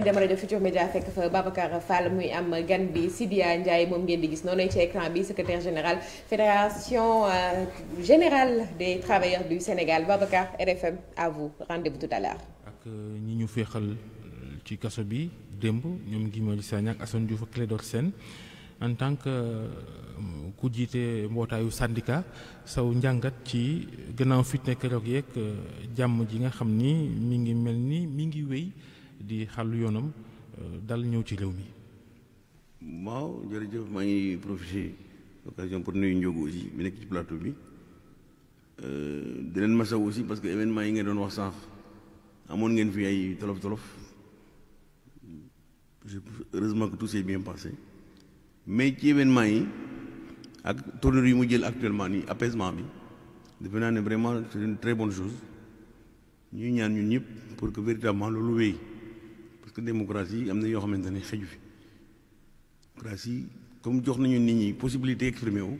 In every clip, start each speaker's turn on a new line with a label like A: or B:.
A: ñu dem rajo Futur Média fekk fa Babacar Fall muy am gan bi Sidia Ndiaye moom ngeen di gis noonu ci écran bi secrétaire général fédération euh, générale des travailleurs du Sénégal Babacar RFM à rendez-vous tout à l'heure ak euh, ñi ñu féexal euh, ci kaso bi démb ñoom Guy Marius Sagna ak Assane Diouf ak Clédor en tant que ku jiite mbootaayu sandika saw njàngat ci gannaaw fitne keroog yeeg jàmm ji nga xam ni mi ngi mel ni mi ngi wéy di xàll yoonam euh, dal ñëw ci réew mi.
B: waaw jërëjëf maa ngi profité occasion pour nuyu Ndiogo aussi bi nekk ci plateau bi euh, di leen masawu aussi parce que événement yi nga doon wax sànq amoon ngeen fi ay tolof tolof heureusement que tout s'est bien passé mais ci événement yi ak tournure yi mu jël actuellement nii apaisement bi defe naa ne vraiment c'est une très bonne chose ñuy ñaan ñun ñëpp pour que véritablement loolu wéy. parce que démocratie am na yoo xamante ne xeju fi démocratie comme jox nañu nit ñi possibilité exprimer wu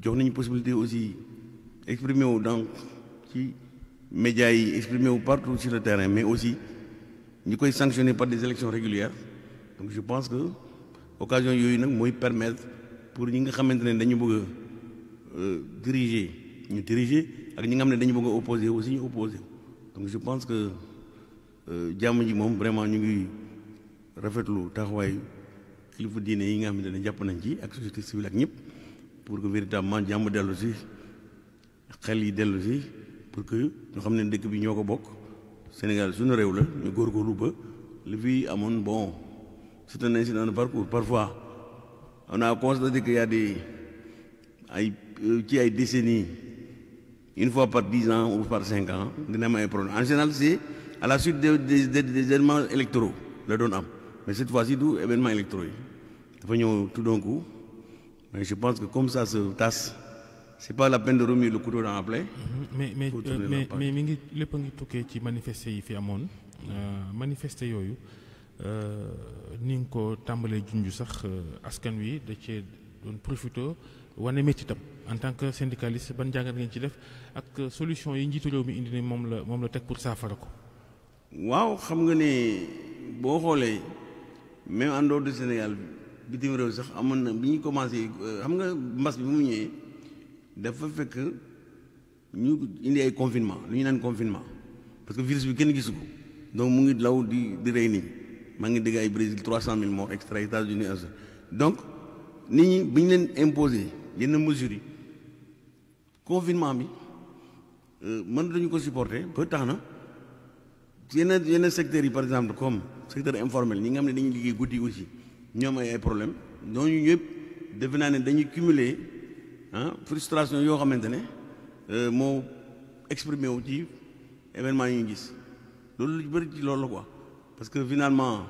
B: jox nañu possibilité aussi exprimer wu donc ci médias yi exprimer wu partout ci le terrain mais aussi ñi koy sanctionner par des élections régulières donc je pense que occasion yooyu nag mooy permettre pour ñi nga xamante ne dañu bëgg a euh, diriger ñu diriger ak ñi nga xam ne dañu bëgg a opposer aussi ñu opposer donc je pense que Euh, jàmm ji moom vraiment ñu ngi rafetlu taxawaay kilifa diine yi nga xamante ne jàpp nañ ci ak société civile ak ñëpp pour que véritablement jàmm dellu si xel yi dellu si pour que ñu xam ne dëkk bi ñoo ko bokk Sénégal suñu réew la ñu góorgóorlu ba li fi amoon bon c'est un incident de parcours parfois on a constaté qu'il y a des ay euh, ci ay décennies une fois par dix ans ou par cinq ans dina am ay problème en général si à la suite des des des événements électoraux la doon am mais cette fois-ci du événement électoraux yi dafa ñëw tout d'un mais je pense que comme ça se tasse c'est pas la peine de remuer le couteau dans la plaie. Mhm. mais mais euh, mais mais
A: mi ngi lépp a ngi tukkee ci manifester yi fi amoon euh, manifester yooyu euh, ni nga ko tàmbalee junju sax askan wi da cee doon profité wane métti tam en tant que syndicaliste ban jàngat ngeen ci def ak solution yi njiitu réew mi indi ne moom la moom la teg pour saafara ko.
B: waaw xam nga ne boo xoolee même en dehors du Sénégal bitim réew sax amoon na bi ñu commencé euh, xam nga mbas bi mu ñëwee dafa fekk ñu indi ay confinement lu ñu leen confinement parce que virus bi kenn gisu ko donc mu ngi law di di rey nit maa ngi dégg ay Brésil trois cent mille morts extra États-Unis donc nit ñi bi ñu leen imposé yenn mesures yi confinement bi euh, mën dañu ko supporter ba tax na yenn yenn secteurs yi par exemple comme secteur informel ñi nga xam ne dañuy liggéey guddi aussi ñoom ay ay problème ñooñu ñëpp defe naa ne dañuy cumuler ah frustration yoo xamante ne euh, moo exprimé wu ci événement yi ñu gis loolu lu bëri ci loolu la parce que finalement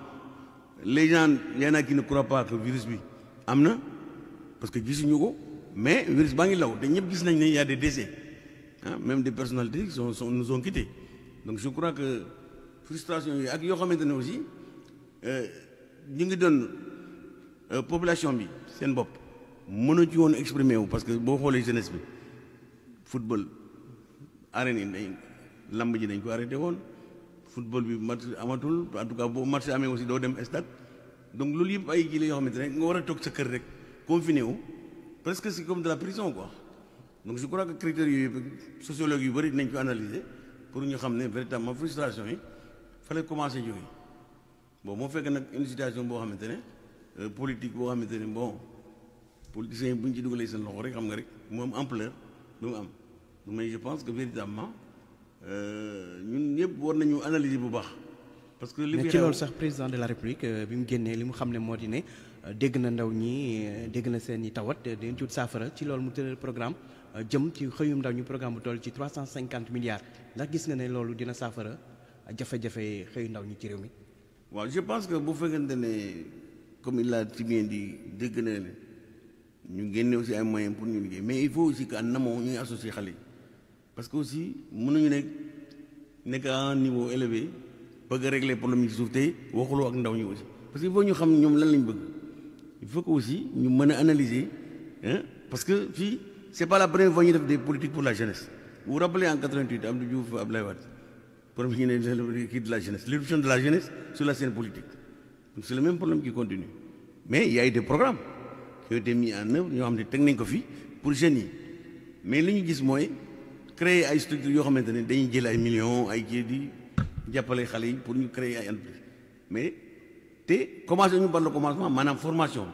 B: les gens yaa naa kii ne croient pas que virus bi am na parce que gisuñu ko mais virus baa ngi law dañ ñëpp gis nañ ne y a des ah, même de personnalités sont sont nous son quittés donc je crois que frustration yi ak yoo xamante ne aussi euh, ñu ngi doon euh, population bi seen bopp mënu ci woon exprimer wu parce que boo xoolee jeunesse bi football arène yi dañ ji nañ ko arrêté woon football bi match amatul en tout cas boo match amee aussi doo dem stade donc loolu yëpp ay kii la yoo xamante ne nga war a toog sa kër rek confiné wu presque c'est comme de la prison ko donc je crois que critères yooyu sociologue yu bëri nañ ko analyser pour ñu xam ne véritablement frustration yi fa la commencé jóge boo moo fekk nag une boo xamante ne euh, politique boo xamante ne bon politiciens yi bu ñu ci dugalee seen loxo rek xam nga rek moom ampleur bi mu am mais je pense que véritablement euh, ñun ñëpp war nañu analyser bu baax. parce que li ci loolu sax président de la république euh, bi mu génnee li mu xam ne moo di ne dégg na ndaw ñi dégg na seen i tawat dañ ci wut saafara ci loolu mu tëral programme jëm ci xëyum ndaw ñu programme bu toll ci 350 milliards ndax gis nga ne loolu dina saafara. jafe-jafe xëy ndaw ñu ci réew mi. waaw je pense que boo fekkente ne comme il l'a si bien dit dégg na ne ñu génne aussi ay moyens pour ñu liggéey mais il faut aussi que en amont ñuy associer xale yi parce que aussi mënuñu nekk nekk à un niveau élevé bëgg a régler problème yi ci suuf te waxuloo ak ndaw ñi aussi parce que il faut ñu xam ñoom lan lañ bëgg il faut que aussi ñu mën a analyser hein parce que fii c'est pas la première fois ñu def des politiques pour la jeunesse problème qui est de la jeunesse, l'éruption de la jeunesse sur la scène politique. Donc c'est le même problème qui continue. Mais il y a eu des programmes qui ont été mis en œuvre, nous avons des techniques pour jeunes. Mais ce que nous avons créer des structures qui ont été des millions, ay crédits, jàppale xale yi pour ñu créer ay entreprise mais te commencé ñu par le commencement maanaam formation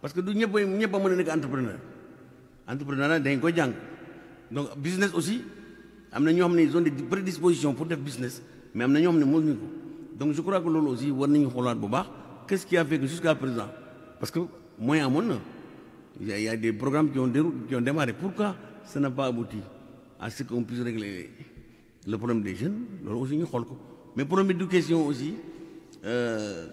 B: parce que du ñëpp ñëpp a mën a nekk entrepreneur entrepreneur dañ ko jàng donc business aussi am na ñoo xam ne ils ont des prédispositions pour def business mais am na ñoo xam ne mënuñu ko donc je crois que loolu aussi war nañu xoolaat bu baax qu'est-ce qui a fait que jusqu'à présent parce que moyen amoon na il y a des programmes qui ont déroulé qui ont démarré pourquoi ça n'a pas abouti à ce puisse régler le problème des jeunes loolu aussi ñu xool ko mais problème du question aussi euh,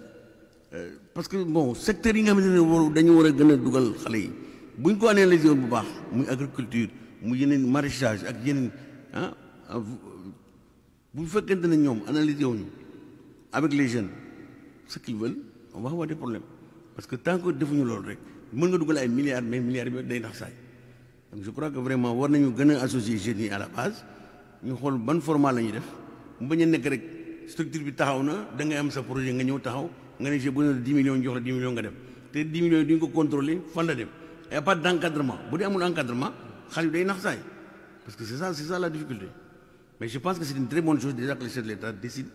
B: euh, parce que bon secteur yi nga xamante ne war dañu war a gën a dugal xale yi bu ñu ko analyser woon bu baax muy agriculture mu yeneen maraîchage ak yeneen ah, ah bu fekkente ne ñoom analyser wuñu avec les jeunes ce qu'ils veulent on va avoir des problèmes parce que tant defuñu loolu rek mën nga dugal ay milliards mais milliards bi day nax saay donc que vraiment war nañu gën a associer yi à la base ñu xool ban format la ñuy def mu bañ nekk rek structure bi taxaw na da ngay am sa projet nga ñëw taxaw nga ne j'ai besoin de dix millions ñu jox la dix millions nga dem te dii millions yi du ko contrôler fan la dem y a pas bu dee amul encadrement xaalis bi day nax saay Parce que c'est ça, la difficulté. Mais je pense que c'est une très bonne chose déjà que le chef l'État décide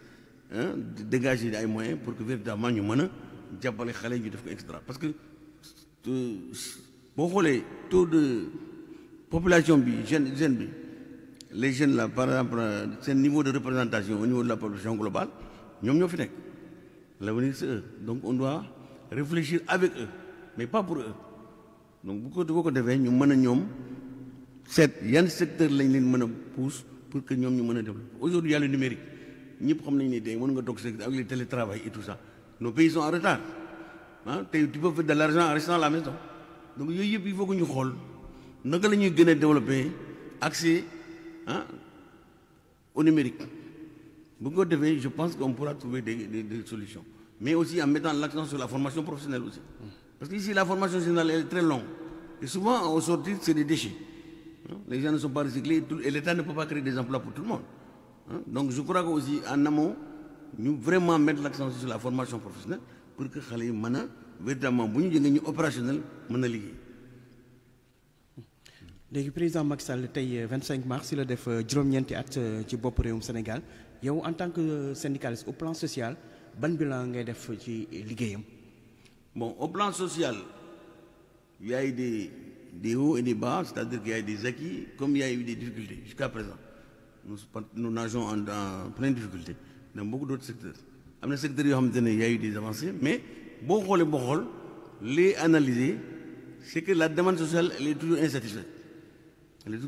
B: dégager ay moyens pour que véritablement ñu mën a jàppale xale yi ñu def ko extra parce que euh, boo xoolee taux de population bi jeune jeune bi les jeunes la par exemple seen niveau de représentation au niveau de la population globale ñoom ñoo fi nekk l'avenir c'est eux donc on doit réfléchir avec eux mais pas pour eux donc bu ko boo ko defee ñu mën a ñoom seet yan secteur lañ leen mën a pousse pour que ñoom ñu mën a développer aujourd'hui yàlla numérique ñëpp xam nañ ne tey mën nga toog secteur avec le télétravail et tout ça nos pays sont en retard ah tey tu peux la maison donc yooyu yëpp il faut que ñu xool naka la ñuy gën a développer accès ah au numérique bu ko defee je pense qu'on pourra trouver des, des, solutions mais aussi en mettant l'accent sur la formation professionnelle aussi parce que Les gens ne sont pas recyclés et l'État ne peut pas créer des emplois pour tout le monde. Donc je crois que aussi en amont ñu vraiment mettre l'accent sur la formation professionnelle pour que xale yi mën a véritablement bu ñu jëlee ñu opérationnel mën a liggéey. léegi président Macky Sall tey 25 euh, mars si la def euh, juróom-ñeenti at euh, ci bopp réewum Sénégal yow en tant que syndicaliste au plan social ban bilan ngay def ci liggéeyam. bon au plan social y a des hauts et des bas, c'est-à-dire qu'il y a des acquis comme il y a des difficultés jusqu'à présent. Nous, nous nageons en, en plein de difficultés dans beaucoup d'autres secteurs. am na secteurs yoo xamante ne mais boo xoolee boo xool les analyser c'est que la demande sociale elle est toujours insatisfaite elle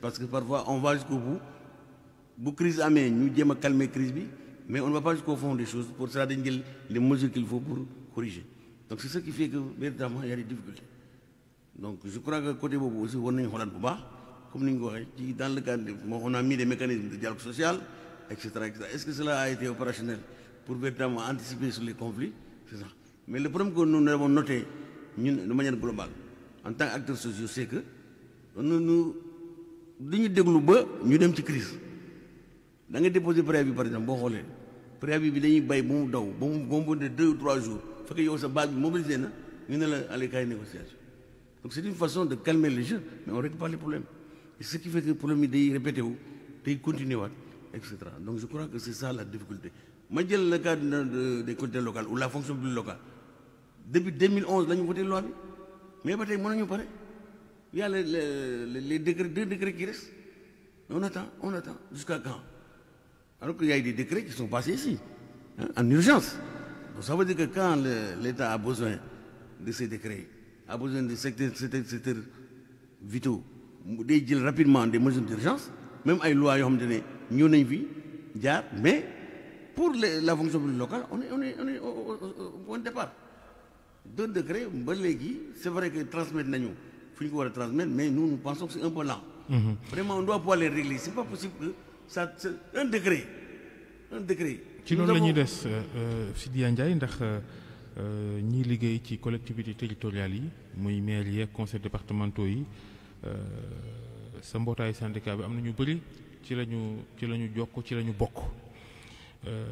B: parce que parfois on va jusqu'au bout bu crise amee ñu jéem a calmer crise bi mais on ne va pas jusqu'au fond des choses pour ça dañ jël a des difficultés donc je crois que côté boobu aussi war nañu xoolaat bu baax comme ni ñu ko waxee ci dans le cadre moo on a mis des mécanismes de dialogue social et cetera et cetera est-ce que cela a été opérationnel pour véritablement anticiper sur mais le problème que nous avons noté ñun de manière globale en tant acteur sociaux c'est que nous nous dañu déglu ba ñu dem ci crise da nga déposé préavis par exemple boo xoolee préavis bi dañuy bay bu mu daw ba mu ba mu de deux ou trois jours fekk yow sa base bi mobilisé ñu ne la allez kaay négociation donc c'est une façon de calmer le jeu mais on règle pas les problèmes et ce qui fait que problème yi day répété continuer waat et cetera donc je crois que c'est ça la difficulté ma jël le cas des collectivités locales ou la fonction publique locale depuis la ñu voté loi bi mais ba tey mënuñu pare y a le les les décrets deux décrets qui restent on attend on attend jusqu'à quand alors qu'il y a eu des décrets qui sont passés ici hein, en urgence donc ça veut dire que quand l'État a besoin de secteurs secteurs secteurs vitaux day jël rapidement des mesures d'urgence même ay lois yoo xamante ne ñëw nañ fi jaar mais pour la fonction publique locale on est on est on est au point de départ deux décrets ba léegi c'est vrai que transmettre nañu fu ñu ko war a transmettre mais nous nous pensons que c'est un peu lent. Mhm. vraiment on doit pouvoir régler c'est pas possible que ci loolu la ñuy des euh,
A: euh, Sidya Ndiaye ndax. Euh, Euh, ñiy liggéey ci collectivité territoriales yi muy maire yi ak conseils départementaux yi euh, sa mbootaayu syndicat bi am na ñu bëri ci la ñu ci la ñu jokk ci lañu ñu bokk. Euh,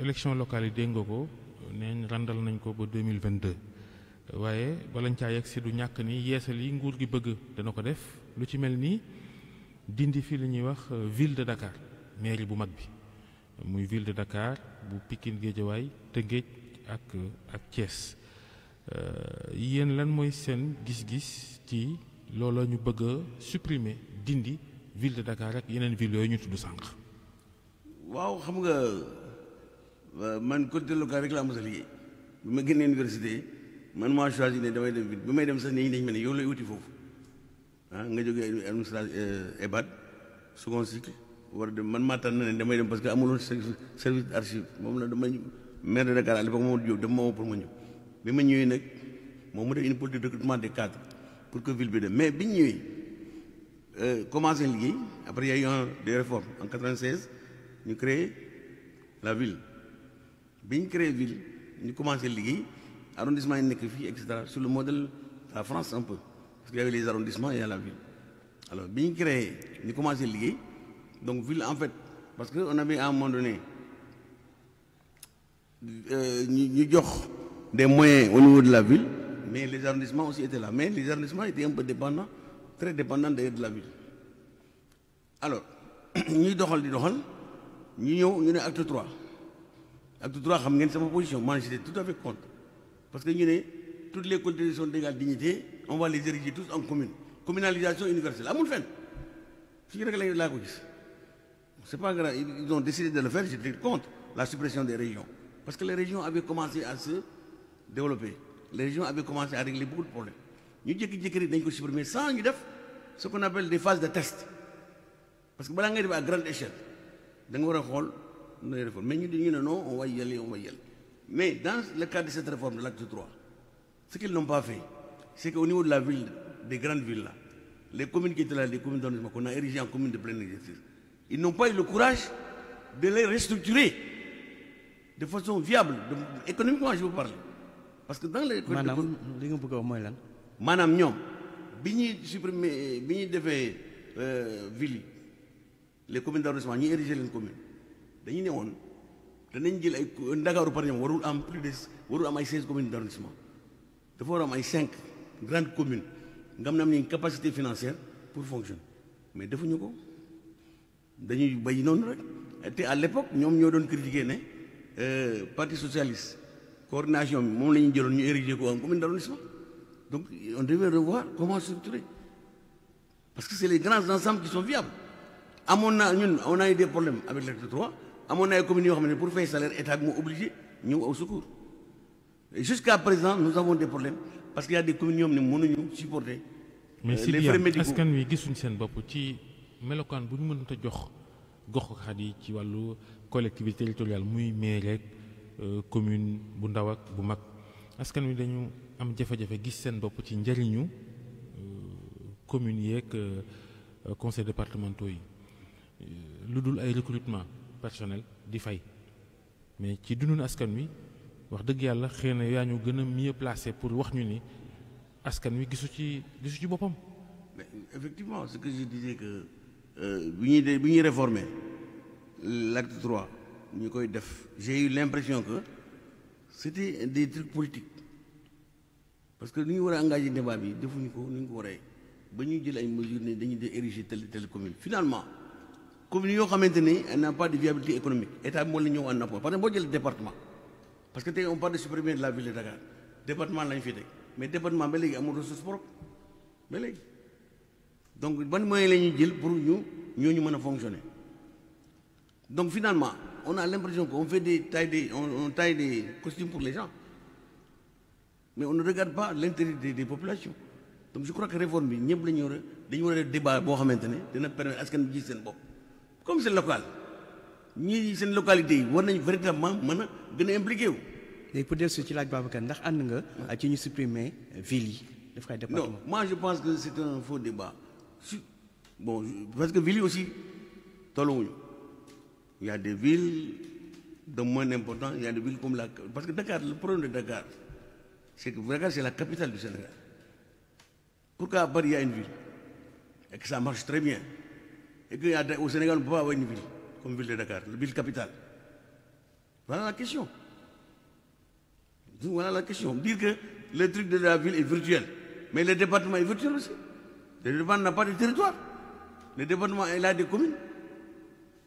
A: élection locale yi dégg nga ko neen randal nañ ko ba deux mille vingt deux waaye balañ caa yegg si du ñàkk ni yeesal yi nguur gi bëgg dana ko def lu ci mel nii dindi fi li ñuy wax ville de Dakar mairie bu mag bi muy ville de Dakar bu Pikine Guédiawaye Tëngéej. ak ak Thiès euh, yéen lan mooy seen gis-gis ci loola ñu bëgg a supprimer dindi ville de Dakar ak yeneen ville yooyu ñu tudd sànq.
B: waaw xam nga euh, man côté local rek laa mos a liggéey bi ma génnee université man maa choisi ne damay dem ville bi may dem sax nit ñi dañ ma ne yow lay wuti foofu ah nga jógee administration euh, EBAD second cycle war a man maa tànn ne damay dem parce que amuloon service archive moom la damay. maire de Dakar à l'époque Mamadou Diop dafa ma woo pour ma bi ma ñëwee nag moom mu def une politique de recrutement des cadres pour que ville bi dem mais bi ñu ñëwee euh, commencé liggéey après y a eu un des réformes en ñu créé la ville bi ñu créé ville ñu commencé liggéey arrondissement yi nekk fii et cetera sur le modèle de la France un peu parce qu'il y les arrondissements et la ville alors bi ñu créé ñu commencé liggéey donc ville en fait parce que on avait à Euh, ñu jox des moyens au niveau de la ville mais les arrondissements aussi étaient là mais les arrondissements étaient un peu dépendants très dépendants d'ailleurs de la ville alors ñuy doxal di doxal ñu ñëw ñu ne acte trois acte trois xam ngeen sama position man j'étais tout à fait contre parce que ñu ne toutes les collectivités sont d'égale dignité on va les ériger tous en commune communalisation universelle amul fenn fii rek lañ laa ko gis c'est pas de le faire la suppression des régions Parce que les régions avaient commencé à se développer. Les régions avaient commencé à régler beaucoup de ñu jékki-jékki rek dañ ko supprimer sans ñu def ce qu'on appelle des phases de test parce que balaa ngay def à grande échelle da nga war a xool nooy réforme mais ñu di ñu mais dans le cadre de cette réforme de l'acte 3 ce qu'ils n'ont pas fait c'est qu'au niveau de la ville des grandes villes là les communes de plein exercice ils n'ont pas le courage de façon viable de économiquement je parle parce que dans les. maanaam li nga bëgg a mooy lan. maanaam ñoom bi ñuy supprimer bi ñuy defee euh, ville yi les communes d'arrondissement ñu érigé leen commune dañu ne woon danañ jël ay Ndakaaru par exemple warul am plus de warul am ay seize communes d'arrondissement dafa war ay cinq grandes communes nga xam ne am nañ capacité financière pour fonctionner mais defuñu ko dañuy bay noonu rek te à l'époque ñoom ñoo doon critiquer ne. Euh, parti socialiste coordination bi moom la ñu jëloon ñu érigé ko en commune d'arrondissement donc on devait revoir comment structurer parce que c'est les grands ensembles qui sont viables amoon naa ñun on a eu des problèmes avec l'acte 3 amoon naa ay communes yoo xam ne pour fay salaire état bi moo obligé ñëw au secours et jusqu'à présent nous avons des problèmes parce que y a des communes yoo xam ne mënuñu supporter mais euh, si askan
A: wi gisuñ seen bopp ci melokaan bu ñu mënut a jox gox-goxaat yi ci wàllu collectivité territoriale muy maire ak euh, commune bu ndaw ak bu mag askan wi dañu am jafe-jafe gis seen bopp ci njëriñu euh, communes yeeg euh, conseil départementaux yi lu dul ay recrutement personnel di fay mais ci dundun askan wi wax dëgg yàlla xëy na yaa ñu gën a mieux placé pour wax ñu ni askan wi gisu ci gisu boppam.
B: effectivement ce que je disais que. Euh, bi ñuy de bi ñuy réformer l'acte trois ñu koy def j'ai eu l'impression que c'était des trucs politiques parce que ni ñu war a engagé débat bi defuñu ko ni ñu ko war waree ba ñuy jël ay mesures ne dañuy de ériger telle telle commune finalement commune yoo xamante ni n'a pas de viabilité économique état bi moo la ñëw en na parce que boo jël département parce que tey on parle de supprimer de la ville de Dakar département lañ fi teg mais département ba léegi amul ressource propre ba léegi donc ban moyen la ñuy jël pour ñu ñoo ñu mën a fonctionner donc finalement on a l'impression qu'on fait des taille des on, on taille des costumes pour les gens mais on ne regarde pas l'intérêt des, des populations donc je crois que réforme bi ñëpp la ñu war a dañu war a def débat boo xamante ne dina permettre askan bi ji seen bopp comme c'est local ñii seen localité yi war nañ véritablement mën a gën a impliqué wu. léegi pour dellu ci laaj Babacar ndax ànd nga. ak ci ñu supprimer ville yi daf koy département. non pense que c'est un si bon parce que villes aussi tolluwuñu il y a des villes de moins important il y a des villes comme la parce que Dakar le problème de Dakar c'est que Dakar c'est la capitale du Sénégal pourquoi à Paris il y a une ville et que ça marche très bien et que a au Sénégal on ne peut une ville comme ville de Dakar ville capitale voilà la question dire que le truc de la ville est virtuel mais le département est virtuel aussi Le département n'a pas de territoire. Le département il a des communes.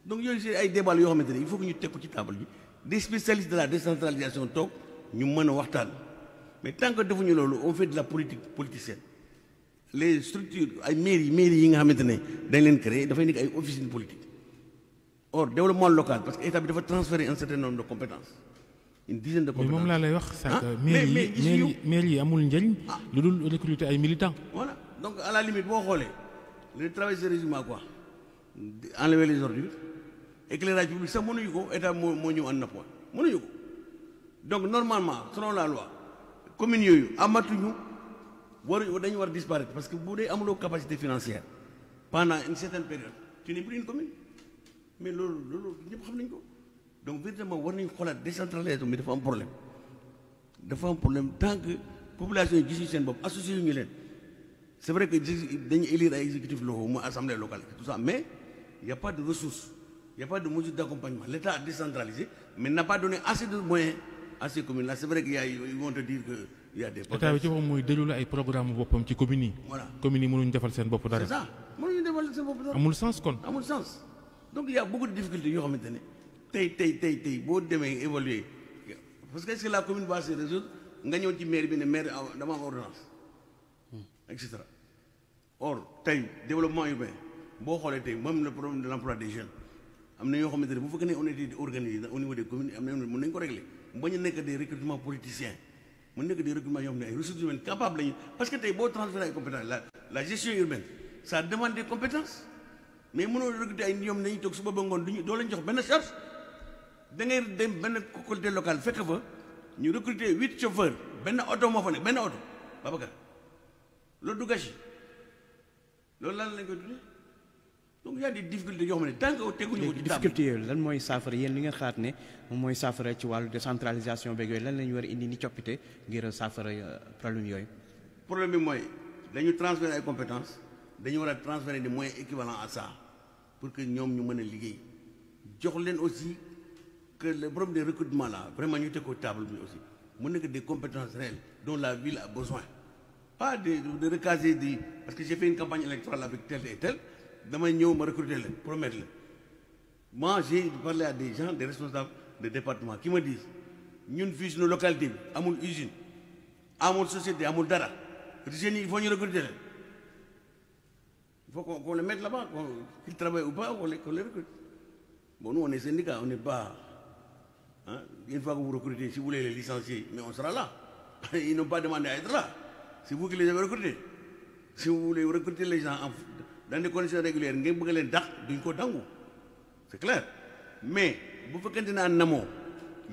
B: Donc yooyu c'est ay débat yoo xamante ne il faut que ñu teg ci table bi des spécialistes de la décentralisation toog ñu mën a waxtaan mais tant que defuñu loolu on fait de la politique politicienne les structures ay mairie mairie yi nga xamante ne dañ leen créer dafay nekk ay officines politiques or développement local parce que état bi dafa transférer un certain nombre de compétences une de compétences. mais moom laa lay wax. ah mais mais
A: mairie yi amul njëriñ. Ah. lu dul recruter ay militants.
B: voilà. donc à la boo xoolee le travail se résume à quoi enlever les ordures éclairage public sax mënuñu ko état moo moo ñëw ànd na point mënuñu ko donc normalement selon la loi communes yooyu amatuñu waruñu dañu war disparaître parce que boo dee amuloo capacité financière pendant une certaine période tu n'es plus une commune mais loolu loolu ñëpp xam nañ ko donc véritablement war nañu xoolaat décentralisation bi dafa am problème dafa am problème tant que population yi gisuñu seen bopp yu ñu leen c'est vrai que dañu élire ay exécutif locaux mu assemblée locale tout ça mais il pas de ressources il pas de mesures d'accompagnement l'État décentralisé mais n'a pas donné assez de moyens à ces communes c'est vrai que yaay ils vont dire que il y a bi ci boppam
A: mooy déroulé ay programme boppam ci communes yi. mënuñu defal seen bopp dara. c'est
B: ça mënuñu defal seen bopp amul sens kon. amul sens donc il y a yoo xamante ne tey tey tey tey boo demee évoluer parce que est-ce que la commune va et cetera or tey développement urbain boo xoolee tey moom le problème de l' emploi des jeunes am na ñoo xamante ne bu fekkee ne on était organisé au niveau des am na yoo mën nañu ko régler bañ a nekk des recrutements politiciens mu nekk des recrutements yoo xam ay ressources humaines lañu parce que tey boo transféré ay compétences la la gestion urbaine ça demande des mais mënoo recruter ay ñoom nañu toog suba ba ngoon duñu doo leen jox benn charge da ngay dem benn collectivité locale fekk fa ñu recruter huit benn oto moo fa nekk benn loolu du gâchis loolu lan lañ koy tuddee donc y a des difficultés yoo ne tant que teguñu ko ci difficulté yooyu lan mooy saafara yéen li nga xalaat ne moom mooy saafara ci wàllu décentralisation beeg lan la ñu war a indi ni coppite ngir saafara euh, problème yooyu. problème bi mooy dañu transférer ay compétences dañu war a transférer des moyens équivalents à ça pour que ñoom ñu mën a liggéey jox leen aussi que le problème de recrutement là vraiment ñu teg ko table bi aussi mu nekk des compétences réelles dont la ville a besoin. pas de de di parce que j'ai fait une campagne électorale avec tel et tel damay ñëw ma recruter leen promettre leen moi j'ai des gens des responsables de département kii me disent ñun fii suñu localité amul usine amul société amul dara jeunes yi il faut ñu recruter leen il faut qu'on les mette là-bas qu'ils travaillent ou pas qu'on les recrute bon nous on est on n'est pas hein une fois si vous voulez les licencier on sera là ils n'ont pas demandé à être là si vous qui les avez recrutés si vous voulez recruter les gens en dans des conditions régulières ngeen bëgg leen dàq duñ ko dangu c'est clair mais bu fekkente ne en amont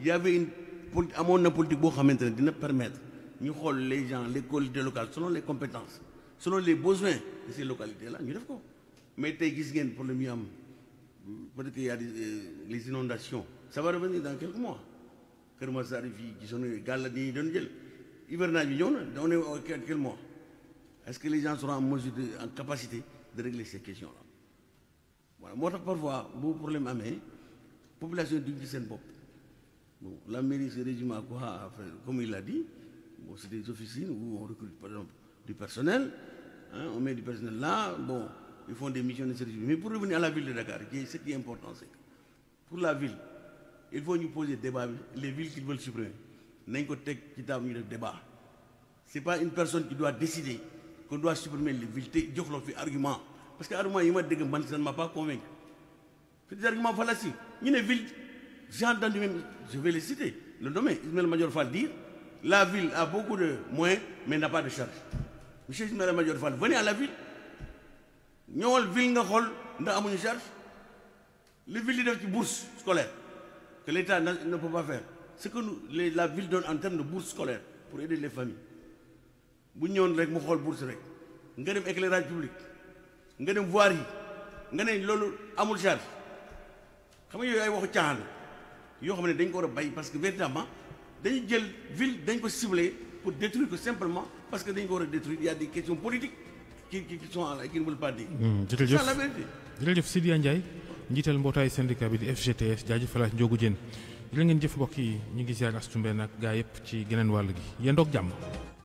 B: y avait une poli amoon na politique boo xamante ne dina permettre ñu xool les gens les collectivités locales selon les compétences selon les besoins de ces localités là ñu def ko mais tey gis ngeen problème yu am peut-être y a euh, les inondations ça va revenir dans quelques mois Kër sa fii gisoon gàll la ñuy doon jël hivernage bi ñëw na on est au quel mois est-ce que les gens seront en mesure en capacité de régler ces questions-là voilà moo tax parfois bu problème amee population duñ ci seen bopp la mairie se résume à quoi comme il l'a dit bon c'est des officines où on recrute par exemple du personnel hein, on met du personnel là bon ils font des missions de mais pour revenir à la ville de Dakar ce qui est important c'est que pour la ville il faut ñu poser débat bi les villes qu'ils nañ ko teg ci table ñu def débat c'est pas une personne qui doit décider qu'on doit supprimer les te jox la fi argument parce que argument yi ma dégg man ça m'a pas convaincu c'est des arguments fallacieux ñu ne ville j'ai entendu même je vais les citer le domaine Ismaël Madior Fall dire la ville a beaucoup de moyens mais n'a pas de charge monsieur Ismaël Madior Fall venez à la ville ville nga xool ndax amuñu charge li di def ci bourse scolaire que ce que nous les, la ville donne en termes de bourse scolaire pour aider les bu ñëwoon rek mu xool bourse rek nga dem éclairage public nga dem voir yi nga ne loolu amul charge xam nga yooyu ay waxu caaxaan yoo xam ne dañ ko a bay parce que véritablement dañu jël ville dañ ko ciblé pour détruire ko simplement parce que dañ ko war a détruire il y a des questions politiques qui qui qui sont à la qui ne veulent pas dire. Hmm, jërëjëf
A: ça la njiital mbootaayu syndicat bi di FGTS jaajëfalaat Ndiogou Diène. jërë ngeen jëf mbokk yi ñu ngi ziar Astou Mbéne nag gaa yëpp ci geneen wàll gi yéen doog jàmm